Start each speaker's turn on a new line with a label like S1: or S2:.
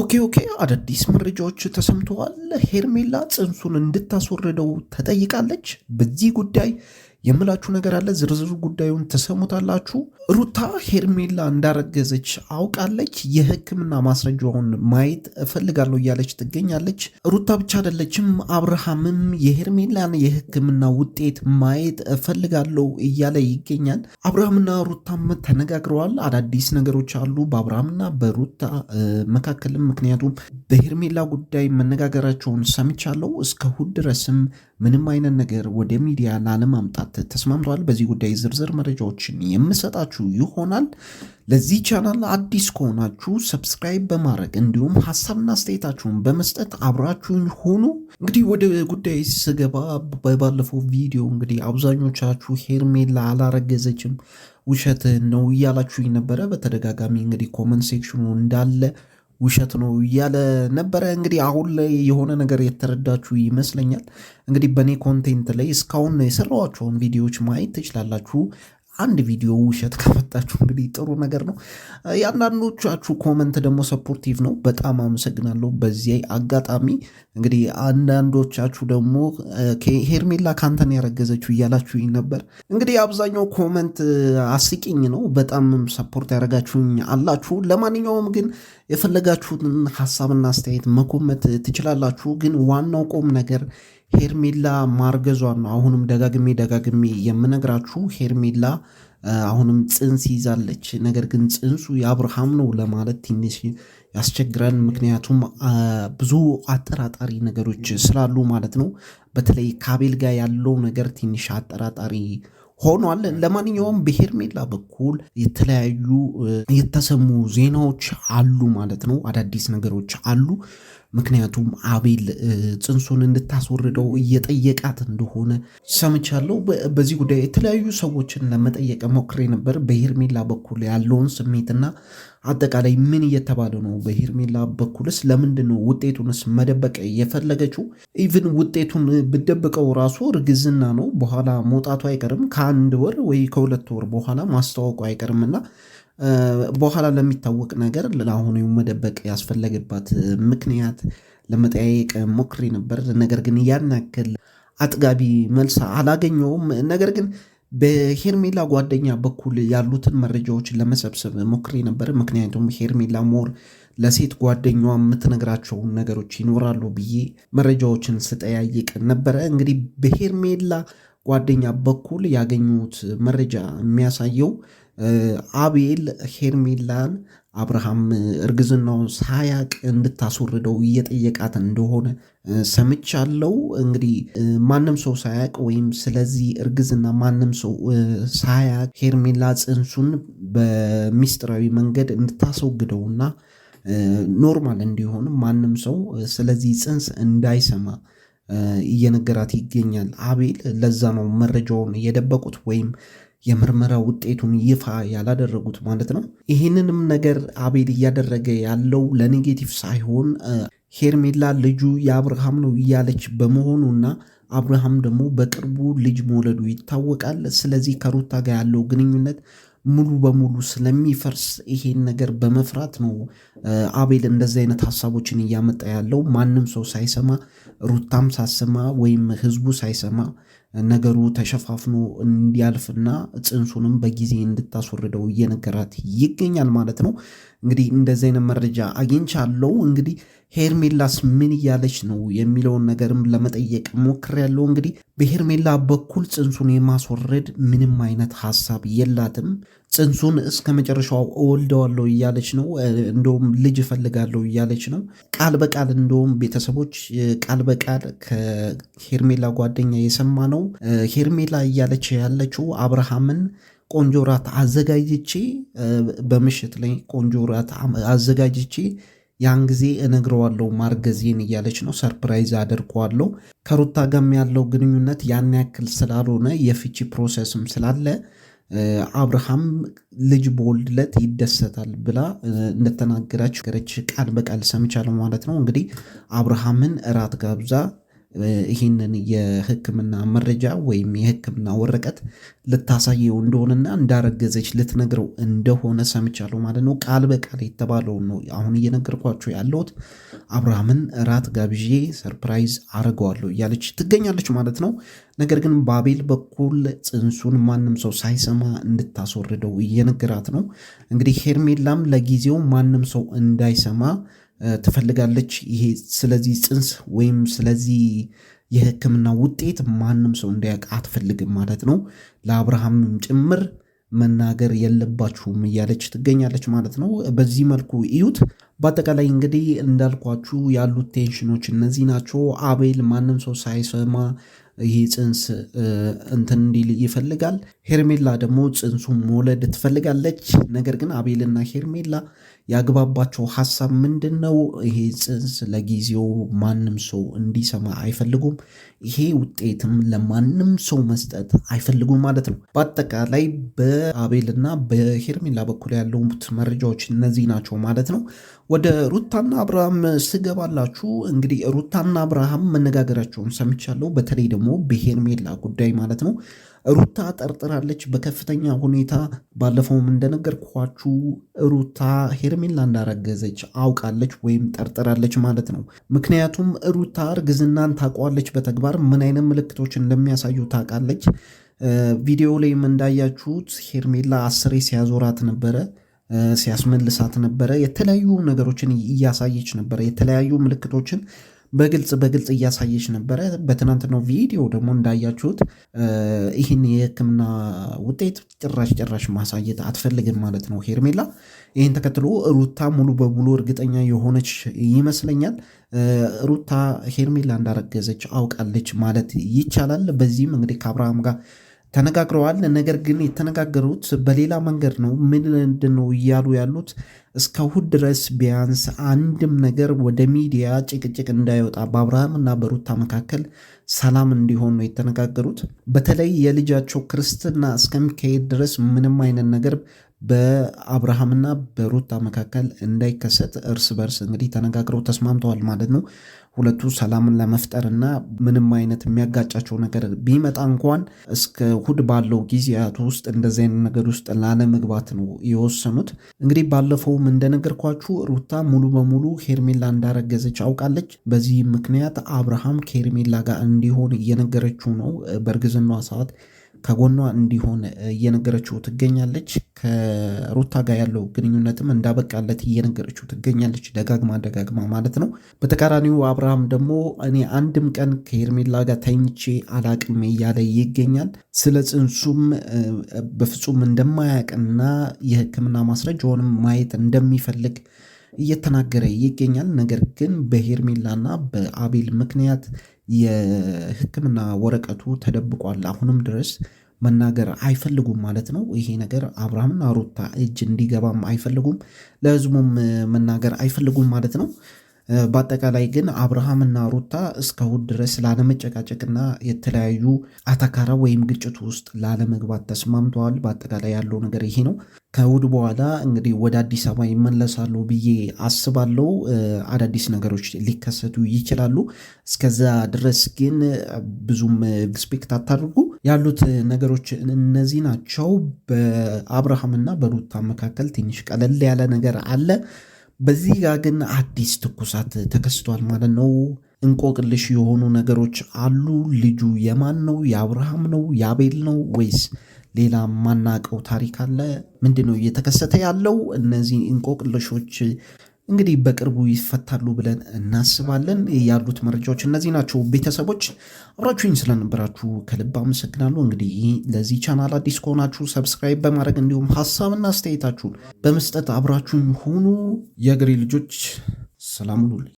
S1: ኦኬ ኦኬ፣ አዳዲስ መረጃዎች ተሰምተዋል። ሄርሜላ ጽንሱን እንድታስወርደው ተጠይቃለች። በዚህ ጉዳይ የምላችሁ ነገር አለ። ዝርዝር ጉዳዩን ትሰሙታላችሁ። ሩታ ሄርሜላ እንዳረገዘች አውቃለች። የሕክምና ማስረጃውን ማየት እፈልጋለሁ እያለች ትገኛለች። ሩታ ብቻ አይደለችም፣ አብርሃምም የሄርሜላን የሕክምና ውጤት ማየት እፈልጋለሁ እያለ ይገኛል። አብርሃምና ሩታም ተነጋግረዋል። አዳዲስ ነገሮች አሉ በአብርሃምና በሩታ መካከልም፣ ምክንያቱም በሄርሜላ ጉዳይ መነጋገራቸውን ሰምቻለሁ። እስከ እሁድ ድረስም ምንም አይነት ነገር ወደ ሚዲያ ላለማምጣት ተስማምተዋል። በዚህ ጉዳይ ዝርዝር መረጃዎችን የምሰጣችሁ ይሆናል። ለዚህ ቻናል አዲስ ከሆናችሁ ሰብስክራይብ በማድረግ እንዲሁም ሀሳብና አስተያየታችሁን በመስጠት አብራችሁን ሆኑ። እንግዲህ ወደ ጉዳይ ስገባ በባለፈው ቪዲዮ እንግዲህ አብዛኞቻችሁ ሄርሜላ አላረገዘችም ውሸት ነው እያላችሁኝ ነበረ። በተደጋጋሚ እንግዲህ ኮመንት ሴክሽኑ እንዳለ ውሸት ነው እያለ ነበረ። እንግዲህ አሁን ላይ የሆነ ነገር የተረዳችሁ ይመስለኛል። እንግዲህ በእኔ ኮንቴንት ላይ እስካሁን የሰራኋቸውን ቪዲዮዎች ማየት ትችላላችሁ። አንድ ቪዲዮ ውሸት ከመጣችሁ እንግዲህ ጥሩ ነገር ነው። የአንዳንዶቻችሁ ኮመንት ደግሞ ሰፖርቲቭ ነው፣ በጣም አመሰግናለሁ። በዚህ አጋጣሚ እንግዲህ አንዳንዶቻችሁ ደግሞ ሄርሜላ ካንተን ያረገዘችው እያላችሁ ነበር። እንግዲህ አብዛኛው ኮመንት አስቂኝ ነው፣ በጣም ሰፖርት ያደረጋችሁኝ አላችሁ። ለማንኛውም ግን የፈለጋችሁትን ሀሳብና አስተያየት መኮመት ትችላላችሁ። ግን ዋናው ቁም ነገር ሄርሜላ ማርገዟን ነው። አሁንም ደጋግሜ ደጋግሜ የምነግራችሁ ሄርሜላ አሁንም ጽንስ ይዛለች። ነገር ግን ጽንሱ የአብርሃም ነው ለማለት ትንሽ ያስቸግራል። ምክንያቱም ብዙ አጠራጣሪ ነገሮች ስላሉ ማለት ነው። በተለይ ካቤል ጋር ያለው ነገር ትንሽ አጠራጣሪ ሆኗል። ለማንኛውም በሄርሜላ በኩል የተለያዩ የተሰሙ ዜናዎች አሉ ማለት ነው። አዳዲስ ነገሮች አሉ። ምክንያቱም አቤል ጽንሱን እንድታስወርደው እየጠየቃት እንደሆነ ሰምቻለሁ። በዚህ ጉዳይ የተለያዩ ሰዎችን ለመጠየቅ ሞክሬ ነበር። በሄርሜላ በኩል ያለውን ስሜትና አጠቃላይ ምን እየተባለ ነው? በሄርሜላ በኩልስ ለምንድን ነው ውጤቱንስ መደበቅ የፈለገችው? ኢቭን ውጤቱን ብደብቀው ራሱ እርግዝና ነው፣ በኋላ መውጣቱ አይቀርም። ከአንድ ወር ወይ ከሁለት ወር በኋላ ማስታወቁ አይቀርምና በኋላ ለሚታወቅ ነገር ለአሁኑ መደበቅ ያስፈለግባት ምክንያት ለመጠያየቅ ሞክሬ ነበር። ነገር ግን ያን አጥጋቢ መልስ አላገኘውም። ነገር ግን በሄርሜላ ጓደኛ በኩል ያሉትን መረጃዎች ለመሰብሰብ ሞክሬ ነበር። ምክንያቱም ሄርሜላ ሞር ለሴት ጓደኛዋ የምትነግራቸውን ነገሮች ይኖራሉ ብዬ መረጃዎችን ስጠያይቅ ነበረ። እንግዲህ በሄርሜላ ጓደኛ በኩል ያገኙት መረጃ የሚያሳየው አቤል ሄርሜላን አብርሃም እርግዝናውን ሳያቅ እንድታስወርደው እየጠየቃት እንደሆነ ሰምቻለው። እንግዲህ ማንም ሰው ሳያቅ ወይም ስለዚህ እርግዝና ማንም ሰው ሳያቅ ሄርሜላ ጽንሱን በሚስጥራዊ መንገድ እንድታስወግደውና ኖርማል እንዲሆን ማንም ሰው ስለዚህ ጽንስ እንዳይሰማ እየነገራት ይገኛል። አቤል ለዛ ነው መረጃውን እየደበቁት ወይም የምርመራ ውጤቱን ይፋ ያላደረጉት ማለት ነው። ይህንንም ነገር አቤል እያደረገ ያለው ለኔጌቲቭ ሳይሆን ሄርሜላ ልጁ የአብርሃም ነው እያለች በመሆኑ እና አብርሃም ደግሞ በቅርቡ ልጅ መውለዱ ይታወቃል። ስለዚህ ከሩታ ጋር ያለው ግንኙነት ሙሉ በሙሉ ስለሚፈርስ ይሄን ነገር በመፍራት ነው አቤል እንደዚህ አይነት ሀሳቦችን እያመጣ ያለው። ማንም ሰው ሳይሰማ ሩታም ሳሰማ ወይም ህዝቡ ሳይሰማ ነገሩ ተሸፋፍኖ እንዲያልፍና ጽንሱንም በጊዜ እንድታስወርደው እየነገራት ይገኛል ማለት ነው። እንግዲህ እንደዚህ አይነት መረጃ አግኝቻለሁ። እንግዲህ ሄርሜላስ ምን እያለች ነው የሚለውን ነገርም ለመጠየቅ ሞክሬያለሁ። እንግዲህ በሄርሜላ በኩል ጽንሱን የማስወረድ ምንም አይነት ሀሳብ የላትም። ጽንሱን እስከ መጨረሻው እወልደዋለሁ እያለች ነው። እንደውም ልጅ እፈልጋለሁ እያለች ነው ቃል በቃል እንደውም ቤተሰቦች ቃል በቃል ከሄርሜላ ጓደኛ የሰማ ነው። ሄርሜላ እያለች ያለችው አብርሃምን ቆንጆ ራት አዘጋጅቼ በምሽት ላይ ቆንጆ ራት አዘጋጅቼ ያን ጊዜ እነግረዋለሁ ማርገዜን እያለች ነው። ሰርፕራይዝ አደርገዋለሁ። ከሩታ ጋም ያለው ግንኙነት ያን ያክል ስላልሆነ የፍቺ ፕሮሰስም ስላለ አብርሃም ልጅ በወልድለት ይደሰታል ብላ እንደተናገራች ገረች ቃል በቃል ሰምቻለሁ ማለት ነው። እንግዲህ አብርሃምን እራት ጋብዛ ይህንን የህክምና መረጃ ወይም የህክምና ወረቀት ልታሳየው እንደሆነና እንዳረገዘች ልትነግረው እንደሆነ ሰምቻለሁ ማለት ነው። ቃል በቃል የተባለውን ነው አሁን እየነገርኳቸው ያለሁት። አብርሃምን እራት ጋብዤ ሰርፕራይዝ አድርገዋለሁ እያለች ትገኛለች ማለት ነው። ነገር ግን በአቤል በኩል ጽንሱን ማንም ሰው ሳይሰማ እንድታስወርደው እየነገራት ነው። እንግዲህ ሄርሜላም ለጊዜው ማንም ሰው እንዳይሰማ ትፈልጋለች። ይሄ ስለዚህ ጽንስ ወይም ስለዚህ የሕክምና ውጤት ማንም ሰው እንዲያውቅ አትፈልግም ማለት ነው። ለአብርሃምም ጭምር መናገር የለባችሁም እያለች ትገኛለች ማለት ነው። በዚህ መልኩ እዩት። በአጠቃላይ እንግዲህ እንዳልኳችሁ ያሉት ቴንሽኖች እነዚህ ናቸው። አቤል ማንም ሰው ሳይሰማ ይህ ጽንስ እንትን እንዲል ይፈልጋል። ሄርሜላ ደግሞ ጽንሱ መውለድ ትፈልጋለች። ነገር ግን አቤልና ሄርሜላ ያግባባቸው ሀሳብ ምንድን ነው? ይሄ ጽንስ ለጊዜው ማንም ሰው እንዲሰማ አይፈልጉም። ይሄ ውጤትም ለማንም ሰው መስጠት አይፈልጉም ማለት ነው። በአጠቃላይ በአቤልና በሄርሜላ በኩል ያሉት መረጃዎች እነዚህ ናቸው ማለት ነው። ወደ ሩታና አብርሃም ስገባላችሁ እንግዲህ ሩታና አብርሃም መነጋገራቸውን ሰምቻለሁ። በተለይ ደግሞ በሄርሜላ ጉዳይ ማለት ነው ሩታ ጠርጥራለች በከፍተኛ ሁኔታ። ባለፈውም እንደነገርኳችሁ ሩታ ሄርሜላ እንዳረገዘች አውቃለች ወይም ጠርጥራለች ማለት ነው። ምክንያቱም ሩታ እርግዝናን ታውቋለች፣ በተግባር ምን አይነት ምልክቶች እንደሚያሳዩ ታውቃለች። ቪዲዮ ላይም እንዳያችሁት ሄርሜላ አስሬ ሲያዞራት ነበረ፣ ሲያስመልሳት ነበረ፣ የተለያዩ ነገሮችን እያሳየች ነበረ፣ የተለያዩ ምልክቶችን በግልጽ በግልጽ እያሳየች ነበረ። በትናንትናው ቪዲዮ ደግሞ እንዳያችሁት ይህን የሕክምና ውጤት ጭራሽ ጭራሽ ማሳየት አትፈልግም ማለት ነው ሄርሜላ። ይህን ተከትሎ ሩታ ሙሉ በሙሉ እርግጠኛ የሆነች ይመስለኛል። ሩታ ሄርሜላ እንዳረገዘች አውቃለች ማለት ይቻላል። በዚህም እንግዲህ ከአብርሃም ጋር ተነጋግረዋል። ነገር ግን የተነጋገሩት በሌላ መንገድ ነው። ምንድን ነው እያሉ ያሉት? እስከ እሑድ ድረስ ቢያንስ አንድም ነገር ወደ ሚዲያ ጭቅጭቅ እንዳይወጣ እና በሩታ መካከል ሰላም እንዲሆን ነው የተነጋገሩት። በተለይ የልጃቸው ክርስትና እስከሚካሄድ ድረስ ምንም አይነት ነገር በአብርሃምና በሩታ መካከል እንዳይከሰት እርስ በርስ እንግዲህ ተነጋግረው ተስማምተዋል ማለት ነው። ሁለቱ ሰላምን ለመፍጠር እና ምንም አይነት የሚያጋጫቸው ነገር ቢመጣ እንኳን እስከ ሁድ ባለው ጊዜያት ውስጥ እንደዚህ አይነት ነገር ውስጥ ላለመግባት ነው የወሰኑት። እንግዲህ ባለፈውም እንደነገርኳችሁ ሩታ ሙሉ በሙሉ ሄርሜላ እንዳረገዘች አውቃለች። በዚህ ምክንያት አብርሃም ከሄርሜላ ጋር እንዲሆን እየነገረችው ነው በእርግዝናዋ ሰዓት ከጎኗ እንዲሆን እየነገረችው ትገኛለች። ከሩታ ጋር ያለው ግንኙነትም እንዳበቃለት እየነገረችው ትገኛለች፣ ደጋግማ ደጋግማ ማለት ነው። በተቃራኒው አብርሃም ደግሞ እኔ አንድም ቀን ከሄርሜላ ጋር ተኝቼ አላቅም እያለ ይገኛል። ስለ ጽንሱም በፍጹም እንደማያቅና የሕክምና ማስረጃውንም ማየት እንደሚፈልግ እየተናገረ ይገኛል። ነገር ግን በሄርሜላና በአቤል ምክንያት የህክምና ወረቀቱ ተደብቋል፣ አሁንም ድረስ መናገር አይፈልጉም ማለት ነው። ይሄ ነገር አብርሃምና ሩታ እጅ እንዲገባም አይፈልጉም፣ ለህዝቡም መናገር አይፈልጉም ማለት ነው። በአጠቃላይ ግን አብርሃምና ሩታ እስካሁን ድረስ ላለመጨቃጨቅና የተለያዩ አታካራ ወይም ግጭት ውስጥ ላለመግባት ተስማምተዋል። በአጠቃላይ ያለው ነገር ይሄ ነው። ከእሑድ በኋላ እንግዲህ ወደ አዲስ አበባ ይመለሳሉ ብዬ አስባለሁ። አዳዲስ ነገሮች ሊከሰቱ ይችላሉ። እስከዛ ድረስ ግን ብዙም ሪስፔክት አታድርጉ። ያሉት ነገሮች እነዚህ ናቸው። በአብርሃምና በሩታ መካከል ትንሽ ቀለል ያለ ነገር አለ። በዚህ ጋር ግን አዲስ ትኩሳት ተከስቷል ማለት ነው። እንቆቅልሽ የሆኑ ነገሮች አሉ። ልጁ የማን ነው? የአብርሃም ነው? የአቤል ነው ወይስ ሌላ ማናቀው ታሪክ አለ? ምንድን ነው እየተከሰተ ያለው? እነዚህ እንቆቅልሾች እንግዲህ በቅርቡ ይፈታሉ ብለን እናስባለን። ያሉት መረጃዎች እነዚህ ናቸው። ቤተሰቦች አብራችሁኝ ስለነበራችሁ ከልብ አመሰግናለሁ። እንግዲህ ለዚህ ቻናል አዲስ ከሆናችሁ ሰብስክራይብ በማድረግ እንዲሁም ሀሳብና አስተያየታችሁን በመስጠት አብራችሁኝ ሁኑ። የእግሬ ልጆች ሰላም ሁኑልኝ።